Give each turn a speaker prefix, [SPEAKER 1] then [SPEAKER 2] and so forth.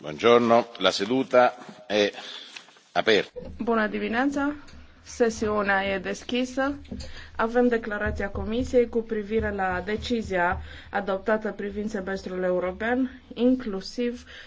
[SPEAKER 1] la
[SPEAKER 2] Bună dimineața, sesiunea e deschisă. Avem declarația Comisiei cu privire la decizia adoptată privind semestrul european,
[SPEAKER 3] inclusiv